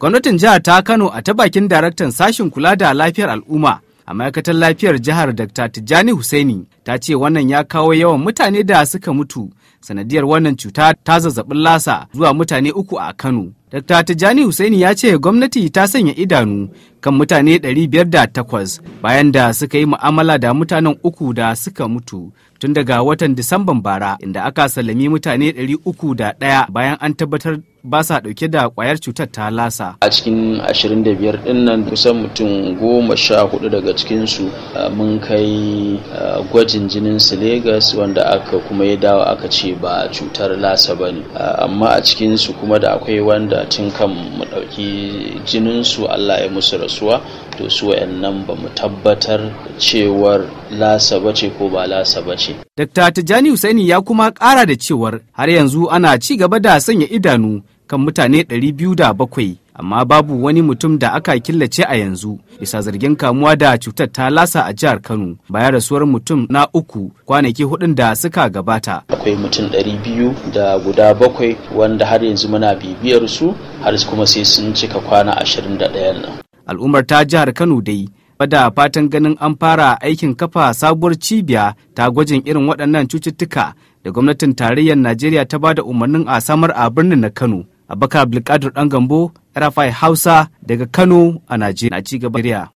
Gwamnatin jihar ta Kano a ta bakin daraktan sashen kula da lafiyar al'umma a ma'aikatar lafiyar jihar Dr. Tijjani Husaini ta ce wannan ya kawo yawan mutane da suka mutu sanadiyar wannan cuta ta zazzabin lasa zuwa mutane uku a Kano. Dr. Tijjani Husaini ya ce gwamnati ta sanya idanu kan mutane biyar da takwas bayan da suka yi mu'amala da mutanen uku da suka mutu tun daga watan Disamban bara inda aka sallami mutane uku da 301 bayan an tabbatar ba sa dauke da kwayar cutar ta lasa a cikin 25 din nan kusan mutum goma sha hudu daga cikin ah, mun kai ah, gwajin jinin Legas wanda aka kuma ya dawo aka ce ba cutar lasa ba ne ah, amma a cikin kuma da akwai wanda tun kan mu dauki jininsu Allah ya musu rasuwa to su wayannan ba mu tabbatar cewar lasa bace ko ba lasa bace Dr. tijani Husaini ya kuma kara da cewar har yanzu ana ci gaba da sanya idanu kan mutane 207 amma babu wani mutum da aka killace a yanzu bisa zargin kamuwa da cutar ta lasa a jihar kano bayan rasuwar mutum na uku kwanaki hudun da suka gabata akwai mutum 200 da guda bakwai wanda har yanzu muna bibiyar su har kuma sai sun cika kwana 21 nan al'ummar ta jihar kano dai da fatan ganin an fara aikin kafa sabuwar cibiya ta gwajin irin waɗannan cututtuka da gwamnatin tarayyar najeriya ta ba da umarnin a samar a birnin na kano baka abdulkadir dan gambo rfi hausa daga kano a najeriya